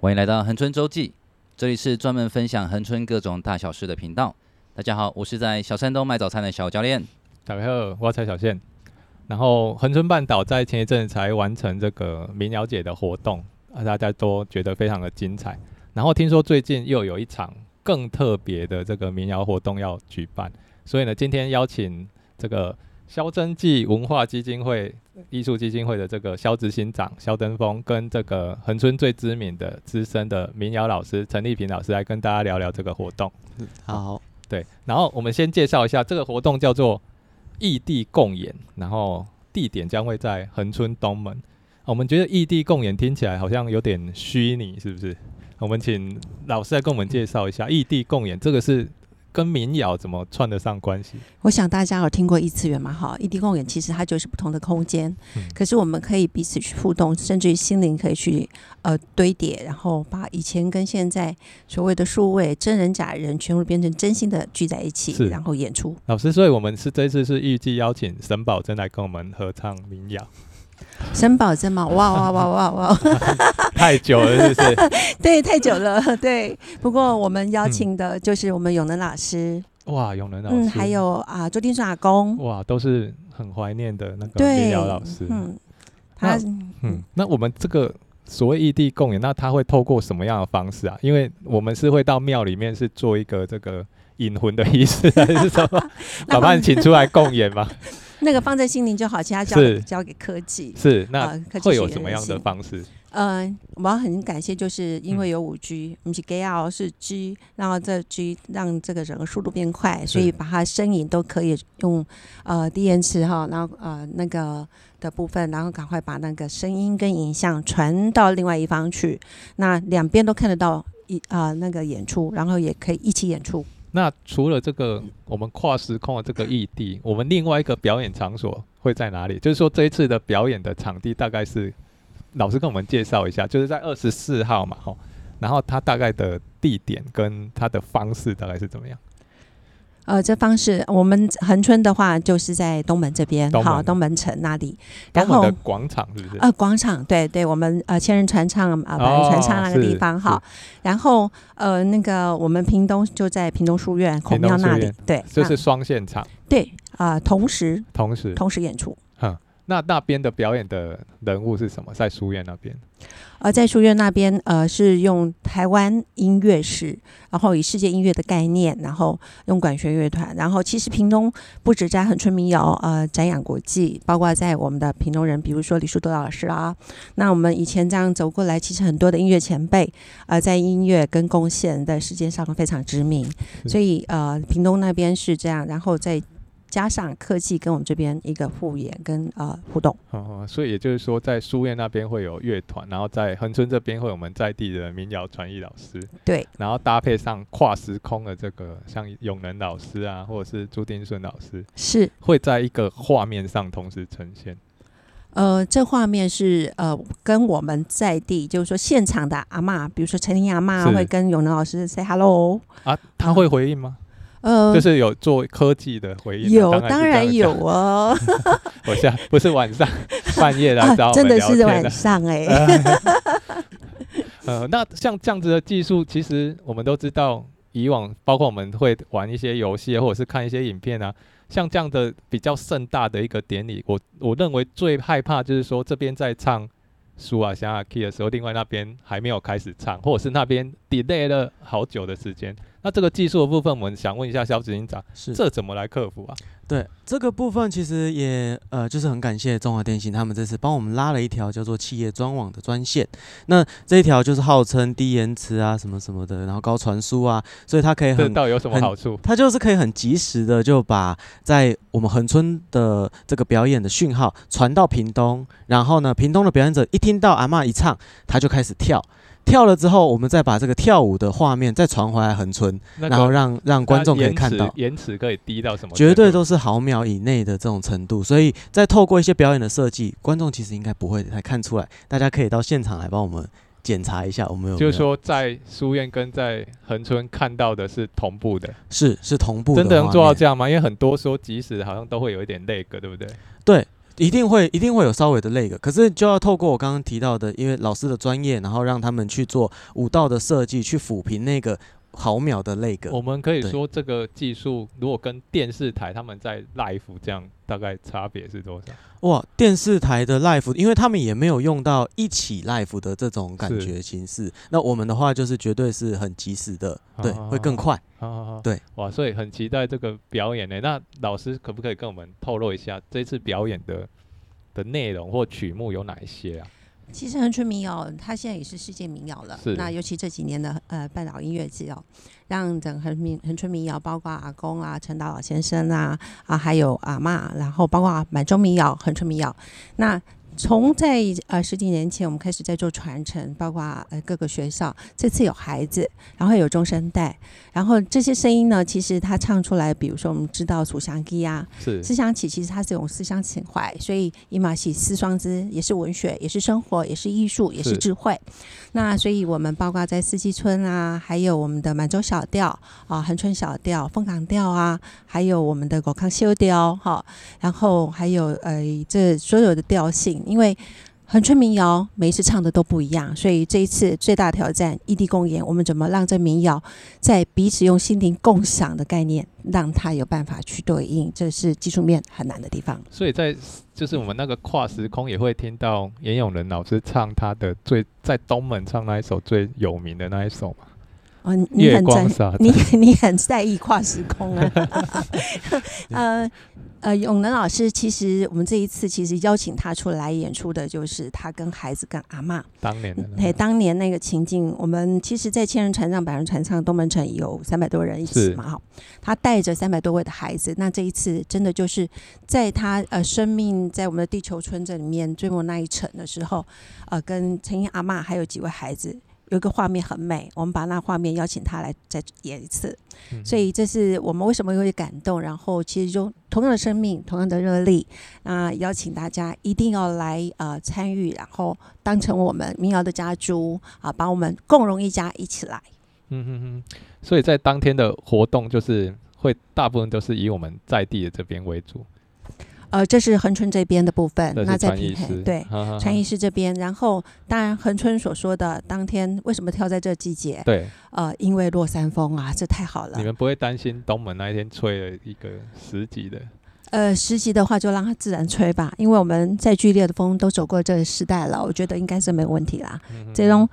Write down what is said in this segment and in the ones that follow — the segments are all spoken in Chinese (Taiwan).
歡迎來到恆春週記，這裡是專門分享恆春各種大小事的頻道。大家好，我是在小山東賣早餐的小教練。大家好，我是蔡小憲。然後恆春半島在前一陣才完成這個民謠節的活動，啊，大家都覺得非常的精彩。然後聽說最近又有一場更特別的這個民謠活動要舉辦，所以呢，今天邀請這個蕭珍記文化基金會。藝術基金會的這個蕭執行長、蕭登峰，跟這個恆春最知名的資深的民謠老師陳麗萍老師來跟大家聊聊這個活動。嗯，好，對，然後我們先介紹一下這個活動叫做異地共演，然後地點將會在恆春東門。我們覺得異地共演聽起來好像有點虛擬，是不是？我們請老師來跟我們介紹一下異地共演，這個是。跟民謠怎麼串得上關係？我想大家有聽過異次元嘛？哈，異地共演其實它就是不同的空間，嗯、可是我們可以彼此去互動，甚至於心靈可以去呃堆疊，然後把以前跟現在所謂的數位真人假人，全部變成真心的聚在一起，是然後演出。老師，所以我們是這次是預計邀請沈寶珍來跟我們合唱民謠。神保真嗎？哇哇哇哇哇，哇， 太久了，是不是？ 對，太久了。對，不過我們邀請的就是我們永能老師，嗯、哇，永能老師，嗯、還有啊，周定順阿公，哇，都是很懷念的那個民謠老師。嗯，他那，嗯，嗯，那我們這個所謂異地共演，那他會透過什麼樣的方式啊？因為我們是會到廟裡面是做一個這個引魂的意思， 還是什麼，把他來請出來共演吧。 那個放在心裡就好，其他交給是交給科技。是，那科技會有什麼樣的方式？呃，我要很感謝，就是因為有五 G，我們、嗯、是 G 幺是 G，然後這 G 讓這個整個速度變快，是 所以把它聲音都可以用呃低延遲哈，然後呃那個的部分，然後趕快把那個聲音跟影像傳到另外一方去，那兩邊都看得到一啊、呃、那個演出，然後也可以一起演出。那除了這個我們跨時空的這個異地，我們另外一個表演場所會在哪裡？就是說這一次的表演的場地大概是，老師跟我們介紹一下，就是在二十四號嘛，哈，然後它大概的地點跟它的方式大概是怎麼樣？呃，這方式，我們恆春的話就是在東門這邊，盟好，東門城那裡，然後廣場是不是？呃，廣場，對對，我們呃，千人傳唱啊，百、呃、人傳唱那個地方，哦、好，是然後呃，那個我們屏東就在屏東書院孔廟那裡，對，這是雙現場，嗯、對啊、呃，同時同時同時演出。那那邊的表演的人物是什麼？在書院那邊，呃，在書院那邊，呃，是用台灣音樂室，然後以世界音樂的概念，然後用管弦樂團。然後其實屏東不止在很純民謠，呃，展演國際，包括在我們的屏東人，比如說李淑德老師啊。那我們以前這樣走過來，其實很多的音樂前輩，呃，在音樂跟貢獻的時間上都非常知名。所以呃，屏東那邊是這樣，然後在。加上科技跟我們這邊一個互演跟呃互動哦，所以也就是說，在書院那邊會有樂團，然後在恆春這邊會有我們在地的民謠傳藝老師，對，然後搭配上跨時空的這個像永能老師啊，或者是朱丁順老師，是會在一個畫面上同時呈現。呃，這畫面是呃跟我們在地，就是說現場的阿嬤，比如說陳婷阿嬤是會跟永能老師 say hello 啊，他會回應嗎？啊嗯、就是有做科技的回應，啊，當有當然有哦。 我現在不是晚上 半夜來找我們聊天，啊、真的是晚上哎，欸。 呃，那像這樣子的技術，其實我們都知道，以往包括我們會玩一些遊戲，或者是看一些影片啊。像這樣的比較盛大的一個典禮，我我認為最害怕就是說這邊在唱思啊、想啊、起的時候，另外那邊還沒有開始唱，或者是那邊 delay 了好久的時間。那這個技術的部分，我們想問一下蕭執行長，是這怎麼來克服啊？對這個部分，其實也呃，就是很感謝中華電信，他們這次幫我們拉了一條叫做企業專網的專線。那這一條就是號稱低延遲啊，什麼什麼的，然後高傳輸啊，所以它可以很，這到底有什麼好處？它就是可以很及時的就把在我們恆春的這個表演的訊號傳到屏東，然後呢，屏東的表演者一聽到阿嬤一唱，他就開始跳。跳了之後，我們再把這個跳舞的畫面再傳回來恆春，那個 然後讓讓觀眾可以看到延，延遲可以低到什麼？絕對都是毫秒以內的這種程度，所以再透過一些表演的設計，觀眾其實應該不會太看出來。大家可以到現場來幫我們檢查一下，我們有沒有。就是說，在書院跟在恆春看到的是同步的，是是同步的，的，真的能做到這樣嗎？因為很多說即使好像都會有一點 lag，對不對？對。一定會，一定會有稍微的那個，可是就要透過我剛剛提到的，因為老師的專業，然後讓他們去做舞蹈的設計，去撫平那個。毫秒的那個，我們可以說這個技術，如果跟電視台他們在 live 這樣，大概差別是多少？哇，電視台的 live，因為他們也沒有用到一起 live 的這種感覺形式。是那我們的話就是絕對是很及時的，啊啊啊啊對，會更快。好好好，對，哇，所以很期待這個表演呢、欸。那老師可不可以跟我們透露一下這一次表演的的內容或曲目有哪一些啊？其實恆春民謠，它現在也是世界民謠了。是的 那尤其這幾年的呃半島音樂季哦，讓整個恆民恆春民謠，包括阿公啊、陳達老先生啊啊，還有阿嬤，然後包括滿洲民謠、恆春民謠，那。從在呃十幾年前，我們開始在做傳承，包括呃各個學校。這次有孩子，然後有中生代，然後這些聲音呢，其實他唱出來，比如說我們知道《楚鄉記》啊，是《思想起》，其實它是一種思鄉情懷。所以伊瑪是思雙枝，也是文學，也是生活，也是藝術，也是智慧。是那所以我們包括在四季春啊，還有我們的滿洲小調啊、恆、呃、春小調、鳳崗調啊，還有我們的果康修調哈、哦，然後還有呃這所有的調性，因為恆春民謠每一次唱的都不一樣，所以這一次最大挑戰異地共演，我們怎麼讓這民謠在彼此用心靈共享的概念，讓它有辦法去對應？這是技術面很難的地方。所以在就是我們那個跨時空也會聽到嚴永仁老師唱他的最在東門唱那一首最有名的那一首嘛。嗯、哦，你很在你你很在意跨時空啊，呃、 嗯、呃，永能老師，其實我們這一次其實邀請他出來演出的，就是他跟孩子跟阿嬤當年嘿，當年那個情景。我們其實，在千人船上、百人船上，東門城有三百多人一起嘛，哈是，他帶着三百多位的孩子。那這一次真的就是在他呃生命在我們的地球村這裡面最後那一程的時候，呃，跟陳英阿嬤還有幾位孩子。有一個畫面很美，我們把那畫面邀請他來再演一次，所以這是我們為什麼會感動。然後其實就同樣的生命，同樣的熱力，那、啊、邀請大家一定要來呃參與，然後當成我們民謠的家族啊，把我們共融一家一起來。嗯嗯嗯，所以在當天的活動就是會大部分都是以我們在地的這邊為主。呃，這是恆春這邊的部分，那在屏東對傳藝師這邊，然後當然恆春所說的當天為什麼挑在這季節？對，呃，因為落山風啊，這太好了。你們不會擔心東門那一天吹了一個十級的？呃，十級的話就讓它自然吹吧，因為我們再劇烈的風都走過這個時代了，我覺得應該是沒有問題啦。嗯、哼這種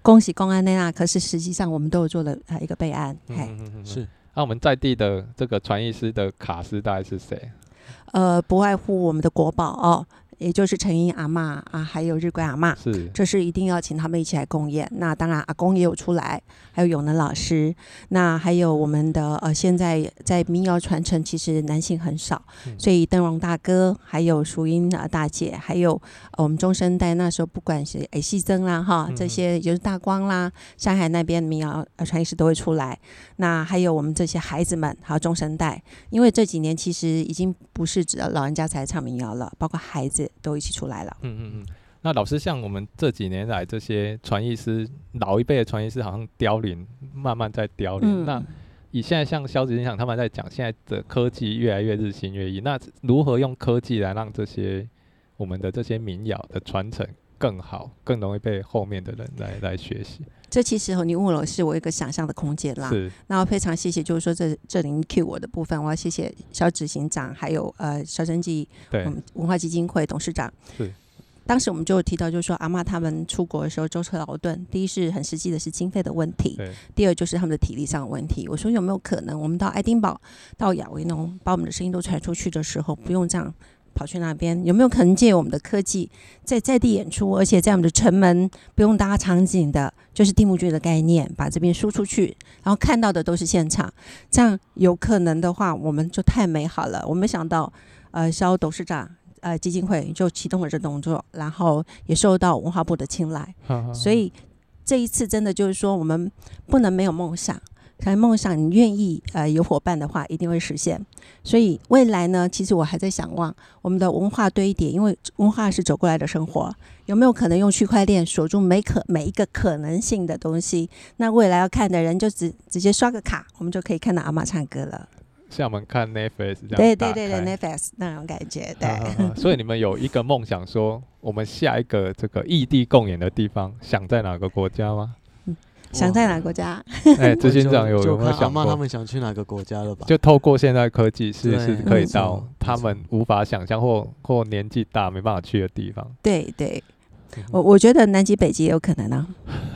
恭喜公安那那，可是實際上我們都有做了呃一個備案，嘿，是。那、啊、我們在地的這個傳藝師的卡司大概是誰？呃，不外乎我們的國寶哦。也就是陳英阿媽啊，還有日貴阿媽，是這是一定要請他們一起來共演。那當然阿公也有出來，還有永能老師，那還有我們的呃，現在在民謠傳承其實男性很少，嗯、所以鄧榮大哥，還有淑英啊大姐，還有、呃、我們中生代那時候不管是哎細珍啦哈，這些就是大光啦，上海那邊民謠傳藝師都會出來。那還有我們這些孩子們，還有中生代，因為這幾年其實已經不是只有老人家才唱民謠了，包括孩子。都一起出來了。嗯嗯嗯，那老師，像我們這幾年來這些傳藝師，老一輩的傳藝師好像凋零，慢慢在凋零。嗯、那以現在像蕭執行長他們在講，現在的科技越來越日新月異，那如何用科技來讓這些我們的這些民謠的傳承？更好，更容易被後面的人來來學習。這其實你問我，是我一個想象的空間啦。是那我非常謝謝，就是說這這您 cue 我的部分，我要謝謝蕭執行長，還有呃蕭真記，對我們文化基金會董事長。是。當時我們就提到，就是說阿嬤他們出國的時候舟車勞頓，第一是很實際的是經費的問題，對第二就是他們的體力上的問題。我說有沒有可能，我們到愛丁堡，到亞維農，把我們的聲音都傳出去的時候，不用這樣。跑去那邊，有沒有可能借我們的科技在在地演出，而且在我們的城門，不用搭場景的，就是地幕劇的概念，把這邊輸出去，然後看到的都是現場，這樣有可能的話，我們就太美好了。我沒想到，呃，蕭董事長呃基金會就啟動了這動作，然後也受到文化部的青睞，所以這一次真的就是說，我們不能沒有夢想。.在夢想你，你願意呃有夥伴的話，一定會實現。所以未來呢，其實我還在想望我們的文化堆疊，因為文化是走過來的生活，有沒有可能用區塊鏈鎖住每可每一個可能性的東西？那未來要看的人就直直接刷個卡，我們就可以看到阿嬤唱歌了。像我們看 Netflix 這樣。對對對對，Netflix 那種感覺，對。 所以你們有一個夢想說，說我們下一個這個異地共演的地方，想在哪個國家嗎？想在哪個國家？哎哇，欸、執行長有，有沒有想過他們想去哪個國家了吧？就透過現在的科技是，是對是可以到他們無法想象或對或年紀大沒辦法去的地方。對對，我我覺得南極、北極也有可能啊，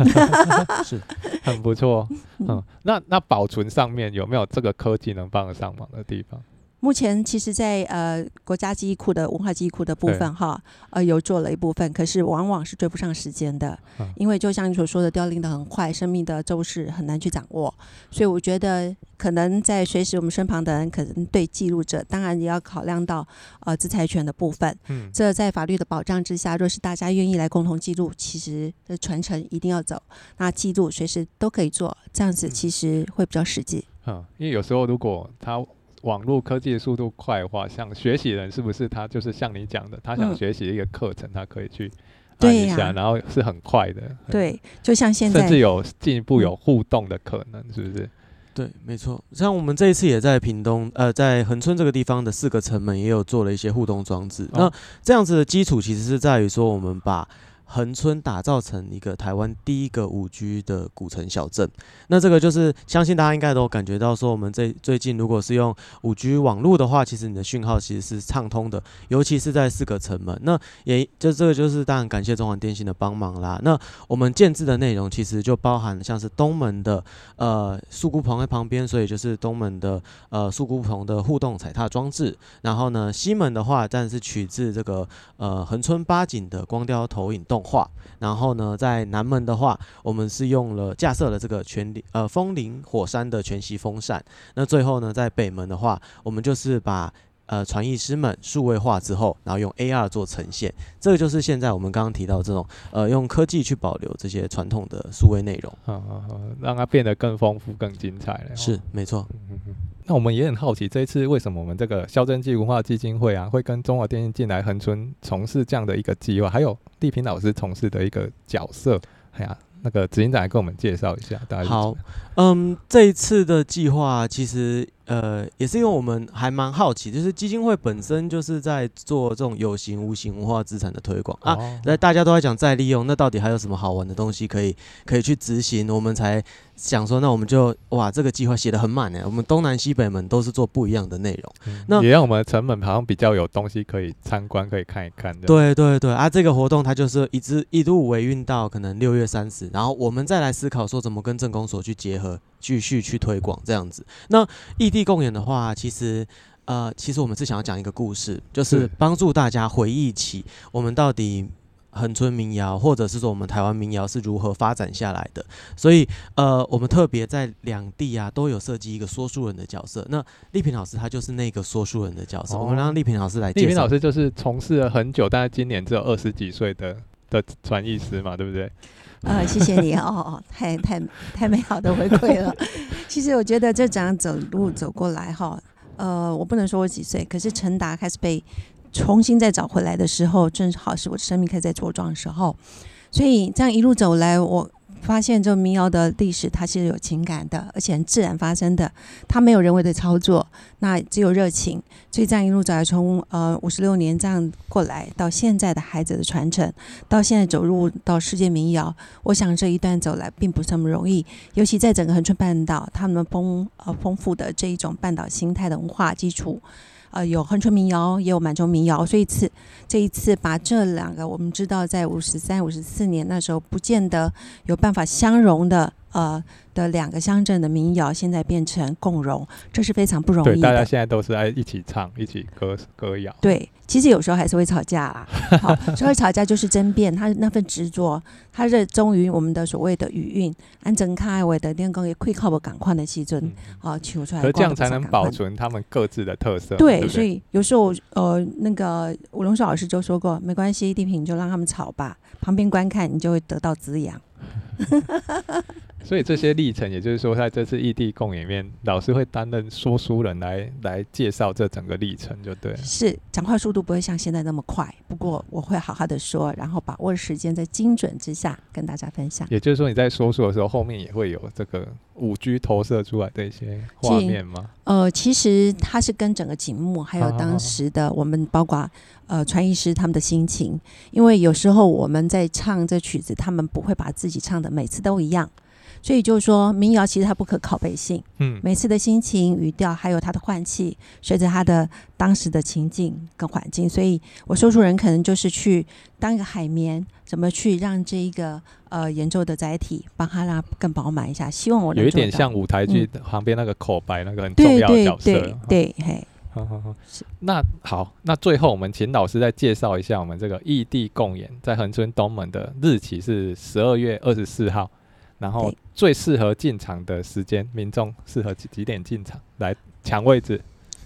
是 很不錯。嗯，那那保存上面有沒有這個科技能幫得上忙的地方？目前其實在，在呃國家記憶庫的文化記憶庫的部分哈，對呃有做了一部分，可是往往是追不上時間的，啊、因為就像你所說的，凋零得很快，生命的周勢很難去掌握，所以我覺得可能在隨時我們身旁的人，可能對記錄者，當然也要考量到呃制裁權的部分，嗯，這在法律的保障之下，若是大家願意來共同記錄，其實這傳承一定要走，那記錄隨時都可以做，這樣子其實會比較實際。嗯、啊，因為有時候如果他。網絡科技的速度快的話，像學習人是不是他就是像你講的，嗯、他想學習一個課程，他可以去按一下，啊、然後是很快的。對，就像現在甚至有進一步有互動的可能，是不是？對，沒錯。像我們這一次也在屏東，呃，在恆春這個地方的四個城門也有做了一些互動裝置。哦、那這樣子的基礎其實是在於說，我們把。恆春打造成一個台灣第一個五 G 的古城小鎮，那這個就是相信大家應該都感覺到說，我們最最近如果是用五 G 網絡的話，其實你的訊號其實是暢通的，尤其是在四個城門，那也就這個就是當然感謝中華電信的幫忙啦。那我們建置的內容其實就包含像是東門的呃樹菇棚在旁邊，所以就是東門的呃樹菇棚的互動踩踏裝置，然後呢，西門的話，但是取自這個呃恆春八景的光雕投影洞化，然後呢，在南門的話，我們是用了架設了這個全呃風林火山的全息風扇。那最後呢，在北門的話，我們就是把呃傳藝師們數位化之後，然後用 AR 做呈現。這個就是現在我們剛剛提到這種呃用科技去保留這些傳統的數位內容，讓它變得更豐富、更精彩了。哦、是沒錯。 那我們也很好奇，這一次為什麼我們這個蕭珍記文化基金會啊，會跟中華電信進來恆春從事這樣的一個計劃？還有麗萍老師從事的一個角色，哎呀、啊，那個執行長來跟我們介紹一下。大家好，嗯，這一次的計劃其實呃也是因為我們還蠻好奇，就是基金會本身就是在做這種有形無形文化資產的推廣、哦、啊。那大家都在講再利用，那到底還有什麼好玩的東西可以可以去執行？我們才。想說，那我們就哇，這個計劃寫得很滿呢。我們東南西北門都是做不一樣的內容，那、嗯、也讓我們的城門好像比較有東西可以參觀，可以看一看。對,對對對，啊，這個活動它就是一直一路維運到可能六月三十，然後我們再來思考說怎麼跟鎮公所去結合，繼續去推廣這樣子。那異地共演的話，其實呃，其實我們是想要講一個故事，就是幫助大家回憶起我們到底。恆春民謠，或者是說我們台灣民謠是如何發展下來的？所以，呃，我們特別在兩地啊都有設計一個說書人的角色。那麗萍老師她就是那個說書人的角色，哦、我們讓麗萍老師來。麗萍老師就是從事了很久，大概今年只有二十幾歲的的傳譯師嘛，對不對？呃，謝謝你哦 哦，太太太美好的回饋了。 其實我覺得就這樣走路走過來哈，呃，我不能說我幾歲，可是陳達開始被。重新再找回來的時候，正好是我的生命開始在茁壯的時候，所以這樣一路走來，我發現這民謠的歷史它是有情感的，而且很自然發生的，它沒有人為的操作，那只有熱情。所以這樣一路走來，從呃五十六年這樣過來，到現在的孩子的傳承，到現在走入到世界民謠，我想這一段走來並不是那麼容易，尤其在整個恆春半島，他們豐呃豐富的這一種半島心態的文化基礎。呃，有恆春民謠，也有滿洲民謠，所以次，這一次把這兩個，我們知道在五十三、五十四年那時候，不見得有辦法相容的。呃的兩個鄉鎮的民謠現在變成共融，這是非常不容易的。對，大家現在都是愛一起唱，一起歌歌謠。對，其實有時候還是會吵架啦，啊。 好，所以吵架就是爭辯。他那份執着，他熱衷於我們的所謂的語韻，安整開，愛的電工也快靠我趕快的氣氛。啊、嗯，求出來。這樣才能保存他們各自的特色。對，對對，所以有時候呃，那個龍叔老師就說過，沒關係，地平就讓他們吵吧，旁邊觀看你就會得到滋養。 所以這些歷程，也就是說，在這次異地共演裡面，老師會擔任說書人來來介紹這整個歷程，就對了就是。是，講話速度不會像現在那麼快，不過我會好好的說，然後把握時間，在精準之下跟大家分享。也就是說，你在說書的時候，後面也會有這個五 G 投射出來的一些畫面嗎？呃，其實它是跟整個節目還有當時的我們，包括呃傳藝師他們的心情，因為有時候我們在唱這曲子，他們不會把自己唱的每次都一樣。所以就是說，民謠其實它不可拷貝性，嗯，每次的心情、語調還有它的換氣，隨着它的當時的情境跟環境，所以我說出人可能就是去當一個海綿，怎麼去讓這一個呃演奏的載體幫它讓它更飽滿一下，希望我能有一點像舞台劇旁邊那個口白、嗯、那個很重要的角色。對，對，對，好好好，那好，那最後我們請老師再介紹一下我們這個異地共演，在恆春東門的日期是十二月二十四號。然後最適合進場的時間，民眾適合幾幾點進場來搶位置？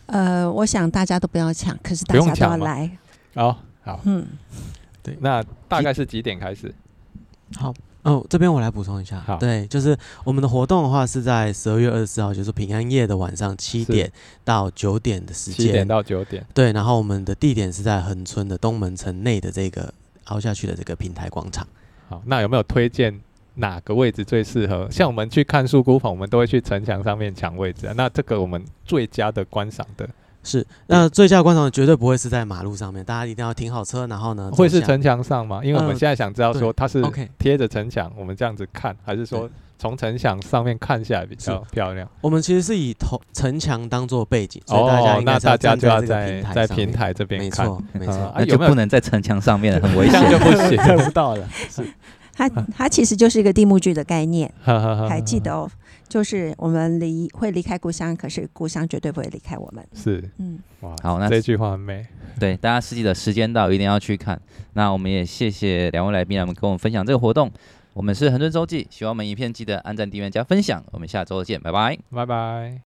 呃，我想大家都不要搶，可是大家都要來。好、哦、好，嗯，對，那大概是幾點開始？好，嗯、哦，這邊我來補充一下。好，對，就是我們的活動的話是在十二月二十四號，就是平安夜的晚上七點到九點的時間，七點到九點。對，然後我們的地點是在恆春的東門城內的這個凹下去的這個平台廣場。好，那有沒有推薦？哪個位置最適合？像我們去看豎孤棚，我們都會去城牆上面搶位置啊。那這個我們最佳的觀賞的是，那最佳的觀賞絕對不會是在馬路上面，大家一定要停好車，然後呢，會是城牆上嗎？因為我們現在想知道說它是貼着城牆，我們這樣子看，還是說從城牆上面看下來比較漂亮？我們其實是以頭城牆當做背景，所以大家哦，那大家就要在在平台這邊看，沒錯，沒錯，嗯，啊，那就不能在城牆上面了，很危險， 就不行，看 不到了。 是它它其實就是一個地幕劇的概念， 還記得哦，就是我們離會離開故鄉，可是故鄉絕對不會離開我們。是，嗯，哇，好，那這句話很美。對，大家記得時間到一定要去看。 那我們也謝謝兩位來賓，他們跟我們分享這個活動。我們是恆春周記，喜歡我們影片記得按讚、訂閱、加分享。我們下周見，拜拜，拜拜。